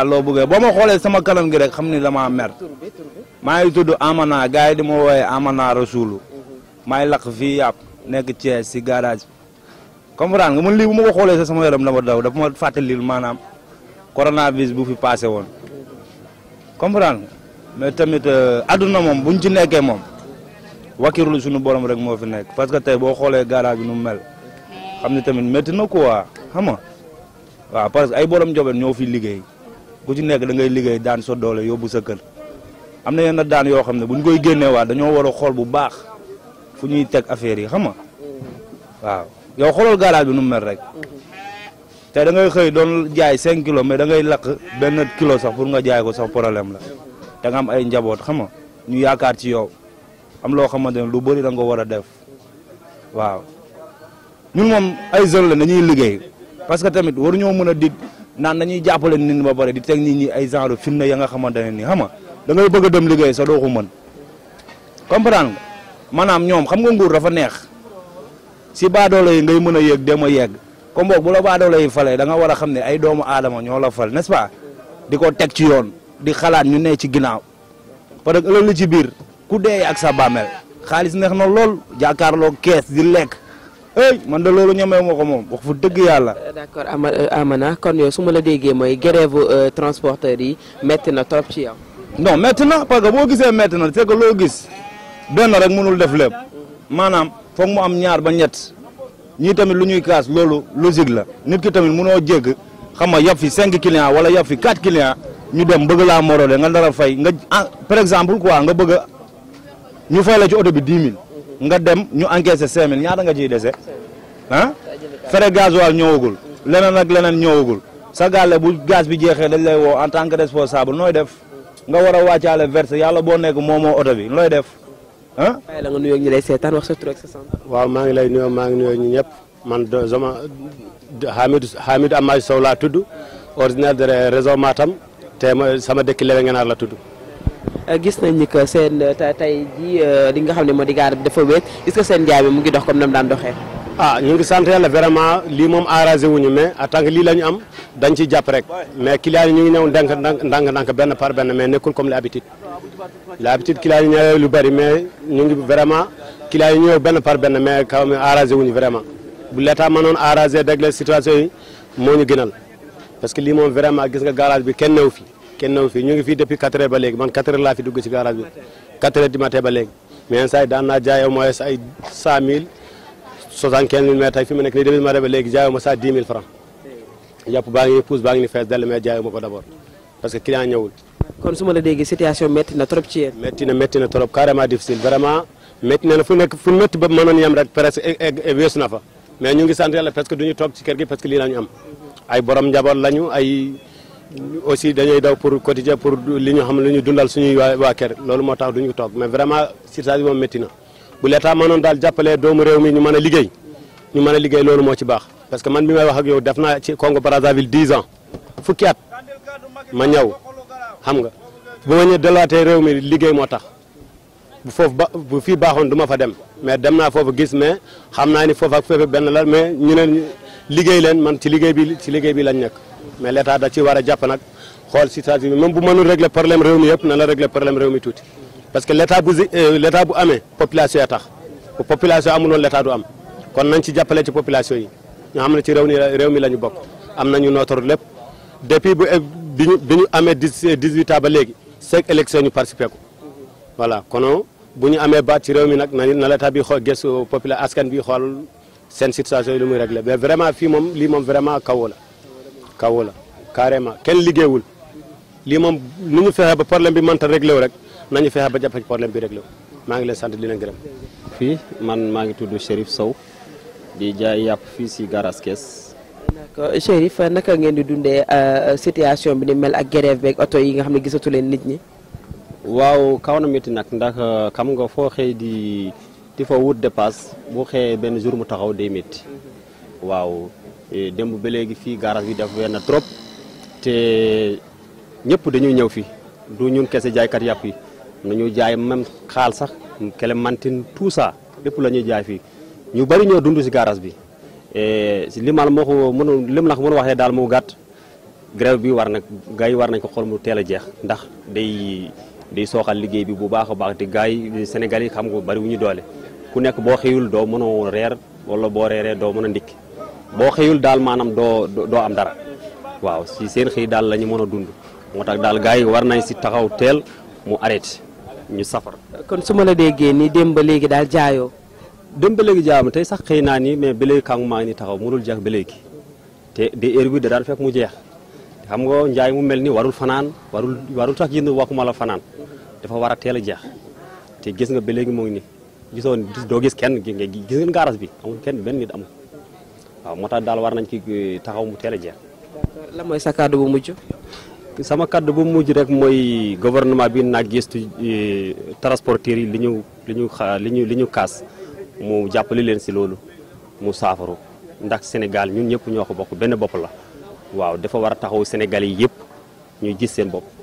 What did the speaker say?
daal loo bëggee boo ma xoolee sama kanam gi rek xam ni damaa mer maa ngi tudd Amana gars yi di ma wooyee Amana Rasulu mhm. maa ngi lakk fii yàpp nekk Thiès si garage bi comprendre nga man lii bu ma ko xoolee sax sama yaram dama daw dafa ma fàttalil maanaam coronavirus bu fi passé woon comprendre nga mais tamit euh, adduna moom buñ ci nekkee moom wakirlu suñu borom rek moo fi nekk parce que tey boo xoolee garage bi nu mel xam ne tamit métti na quoi xam nga waaw parce que ay borom jobeen ñoo fi liggéey ku ci nekk da ngay liggéey daan sa doole yóbbu sa kër am na yenn daan yoo xam ne bu ñu koy génneewaat dañoo war a xool bu baax fu ñuy teg affaire yi xam nga waaw yow xoolal garage nu mu mel rek te dangay ngay doon jaay 5 kilos mais da ngay lakk benn kilo sax pour nga jaay ko sax problème la da nga am ay njaboot xam nga ñu yaakaar ci yow am loo xamante ne lu bëri da nga war a def waaw ñun moom ay jeunes la dañuy liggéey parce que tamit waruñoo mën a dig. nan dañuy jappalé nit ñi ba bari di tek nit ñi ay genre film ya nga xamantene ni xama da ngay bëgg dem liggéey sa doxu man comprendre nga maanaam xam nga nguur dafa neex si do lay ngay mëna yegg dema dem yegg ko boog bu la do lay falé da nga wara xamné ay doomu aadama ñoo la fal n'est-ce pas diko tek ci yoon di xalaat ñu ne ci ginaaw parce que ëllëg sabamel, ci biir ku dee ak sa bàmmeel xaalis neex na lool di lek hey man de loolu ñemee ma ko moom wax fa dëgg yàlla. Euh, d'accord euh, Amana kon yow suma la déggee mooy grève euh, transporteur yi métti na trop ci yow. non métti na parce que boo gisee métti na c'est que gis benn rek mënul def lépp mhm. maanaam foog mu am ñaar ba ñett ñii tamit lu ñuy kaas loolu logique la nit ki tamit mënoo jégg xam nga yab fi cinq clients wala yab fi quatre clients ñu dem bëgg laa morole nga nar fay nga ah, par exemple quoi nga bëgg ñu fay la ci oto bi dix nga dem ñu encaissé 5000 ñaata nga ciy dese ah frais gasoil ñëwagul leneen ak leneen ñëwagul sa gàlle bu gaz bi jeexee dañ lay woo en tant que responsable nooy def nga war a wàccaale verse yàlla boo nekk moo moo oto bi looy def ah. waaye la nga nuyoo ñu lay seetaan wax sa tur ak sa sant. waaw maa ngi lay nuyoo maa ngi nuyoo ñu ñëpp man de sama Hamidou Hamidou Amady Sow laa tudd ordinaire de réseau maatam te sama dëkk Léwe Ngenaar la tudd. Euh, gis nañ ni que seen euh, tey ji euh, li nga xam ne moo di gaar bi dafa wéet est-ce que seen njaay bi mu ngi dox comme nam daan doxee ah ñu ngi sant yàlla vraiment lii moom arrangé wuñu mais en tant que lii la ñu am dañ ciy jàpp rek mais client yi ñu ngi ñëw ndànk ndànk ndànk benn par benn mais nekkul comme l'habitude l'habitude client yi ñëwee lu bari mais ñu ngi vraiment client yi ñëw benn par benn mais kaw mi arrangé wuñu vraiment bu l'état mënoon arrangé régler situation yi moo ñu gënal parce que lii moom vraiment gis nga garage bi kenn newu fii kenn naw fii ñu ngi fii depuis 4 heures ba léegi man 4 heures laa fi dugg ci garage bi 4 heures du matin ba léegi mais saa yi daan jaay au ay 100000 75 000 mais tey fi ma nekk nii depuis ma ba léegi jaayoo ma saa 10 000 francs yàpp baa ngi pousse baa ngi ni fees dell mais jaayoo ma ko d'abord parce que client ñëwul kon su la déggee situation métti na trop ci yéen métti na métti na trop carrément difficile vraiment métti na fu nekk aussi dañuy daw pour quotidien pour li ñu xam lu ñu dundal suñuy waa waa kër loolu moo tax duñ ñu toog mais vraiment situation bi moom métti na bu l'état mënoon daal jàppalee doomu réew mi ñu mën a liggéey ñu mën a liggéey loolu moo ci baax parce que man bi may wax ak yow def naa ci Congo Brazzaville 10 ans fukki at ma ñëw xam nga bu ma ñëw delluwaatee réew mi liggéey moo tax bu foofu ba bu fii baaxoon du ma fa dem mais dem naa foofu gis mais xam naa ni foofu ak fépp benn la mais ñu liggéey leen man ci liggéey bi ci liggéey bi lañ nekk. mais l' état da ci war a jàpp nag xool situation bi même bu mënul régler problème réew mi yëpp na la régler problème réew mi tuuti parce que l' état bu euh, l' état bu amee population ya tax bu population amul woon l' état du am kon nañ ci jàppale ci population yi ñoo xam ci réew mi réew mi la ñu bokk am nañu nootor lépp depuis bu bi ñu bi ñu amee dix huit ans ba léegi cinq élections ñu participé ko voilà kono bu ñu amee baat ci réew mi nag na l' état bi xool gëstu population askan bi xool seen situation yi lu muy réglé mais vraiment fii moom lii moom vraiment kaw la kaw la carrément kenn liggéeyul lii moom nu ñu fexe ba problème bi mënta réglé wu rek nañu fexe ba jàpp ci bi réglé wu maa ngi leen sant di leen gërëm. fii man maa ngi tudd Chérif Sow di jaay yàpp fii si garage Kees. d'accord Chérif naka ngeen di dundee euh, situation bi ni mel ak grève beeg oto yi nga xam ne gisatu leen nit ñi. waaw kaw na métti nag ndax euh, xam nga foo xëy di di fa wut dépasse boo xëyee benn jour mu taxaw day métti mhm. waaw. E, dembu ba legi fi garage bi def wena trop te ñepp dañu ñew fi du ñun kessé jaay kat yàpp yi nañu jaay même xaal sax kele mantin tout ça lepp lañu jaay fi ñu bari ñoo dundu ci garage bi si e, limal moo ko mënu lim la ko mën waxee daal mu gàtt grève bi war nak gars war nañ ko xol mu téla jeex ndax day day soxal liggéey bi bu baax baax di gars yi Sénégal yi xam nga bari wu ñu doole ku nekk bo xëyul do mënu reer wala bo réré do mënu ndik boo xëyul daal maanaam doo doo am dara waaw si seen xëy daal la ñu mën a dund moo tax daal gars yi war nañ si taxaw teel mu arrêté ñu safar. kon su ma la déggee nii démb ba léegi daal jaayoo. démb ba léegi jaayoo tey sax xëy naa ni mais ba léegi kàngu maa ngi taxaw mënul jeex ba léegi te de heure bi da daan fekk mu jeex xam nga njaay mu mel ni warul fanaan warul warul tax jënd waxuma la fanaan dafa war a teel a jeex te gis nga ba léegi moo ngi nii gisoon doo gis kenn gis nga gis ngeen gaaras bi amul kenn benn nit amul. waaw moo tax daal war nañ ci taxaw mu teel a jeex. d'accord lan mooy sa kàddu bu mujj. sama kàddu bu mujj rek mooy gouvernement bi nag gëstu eh, transporteurs yi li ñu li ñu xa li ñu li ñu kaas mu jàppale leen si loolu mu saafaru ndax Sénégal ñun ñëpp ñoo ko bokk benn bopp la waaw dafa war a taxaw Sénégal yi yëpp ñu gis seen bopp.